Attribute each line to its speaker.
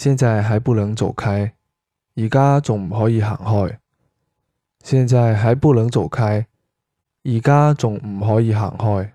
Speaker 1: 現在還不能走開，而家仲唔可以行開。現在還不能走開，而家仲唔可以行開。